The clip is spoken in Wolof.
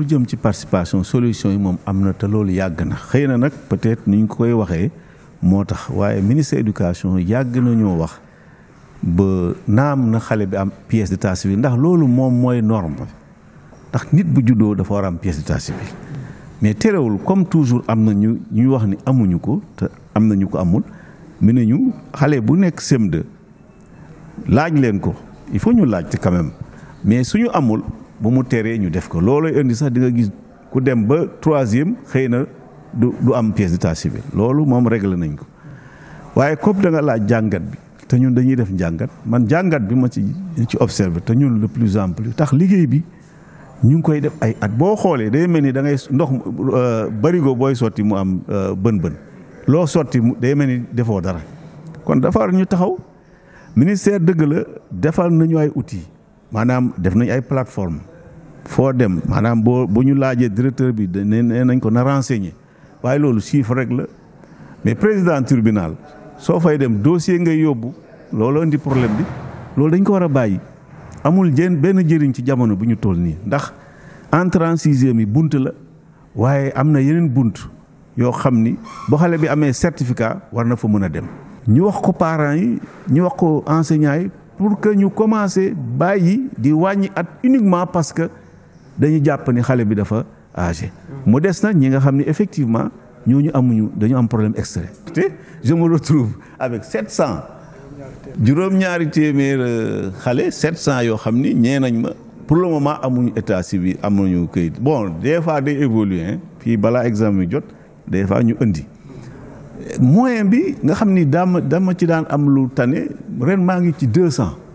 lu jëm ci participation solution yi moom am na te loolu yàgg na xëy na nag peut-être ni ñu koy waxee moo tax waaye ministre éducation yàgg nañoo wax ba am na xale bi am pièce d'état civil ndax loolu moom mooy norme ndax nit bu juddoo dafa war a am pièce mais terewul comme toujours am na ñu ñuy wax ni amuñu ko te am na ñu ko amul mu ne ñu xale bu nekk CM2 laaj leen ko il faut ñu laaj te quand même mais suñu amul. bu mu teree ñu def ko loolooy indi sax di gis ku dem ba troisième xëy na du du am pièce d'état civil loolu moom réglé nañ ko waaye comme da nga jàngat bi te ñun dañuy def njàngat man jàngat bi ma ci ci observé te ñun le plus en plus tax liggéey bi ñu ngi koy def ay at boo xoolee day mel ni da ngay ndox euh, barigo booy sotti mu am euh, bën-bën loo sotti day mel ni defoo dara kon dafa war ñu taxaw ministère dëgg la defal nañu ay outils maanaam def nañu ay plateforme foo dem maanaam boo bu ñu laajee directeur bi nee nañ ko na renseigner waaye loolu chiffre rek la mais président tribunal soo fay dem dossier ngay yóbbu loolu indi problème bi loolu dañ ko war a bàyyi amul jën benn jëriñ ci jamono bu ñu toll nii ndax entrée en sixième yi bunt la waaye am na yeneen bunt yoo xam ni boo xale bi amee certificat war na fa mën a dem. ñu wax ko parents yi ñu wax ko enseignants yi pour que ñu commencer bàyyi di wàññi at uniquement parce que. dañu jàpp ni xale bi dafa âgé mu des nag ñi nga xam ne effectivement ñooñu amuñu dañu am problème extrait te je me retrouve avec sept cent juróom-ñaari téeméer euh, xale sept cent yoo xam ni ñee nañ ma pour le moment amuñu état civil amuñu këyit bon des fois day évoluer fii balaa examen jot des fois ñu indi moyen bi nga xam ni daama dama ci daan am lu tane ren maa ngi ci deux cent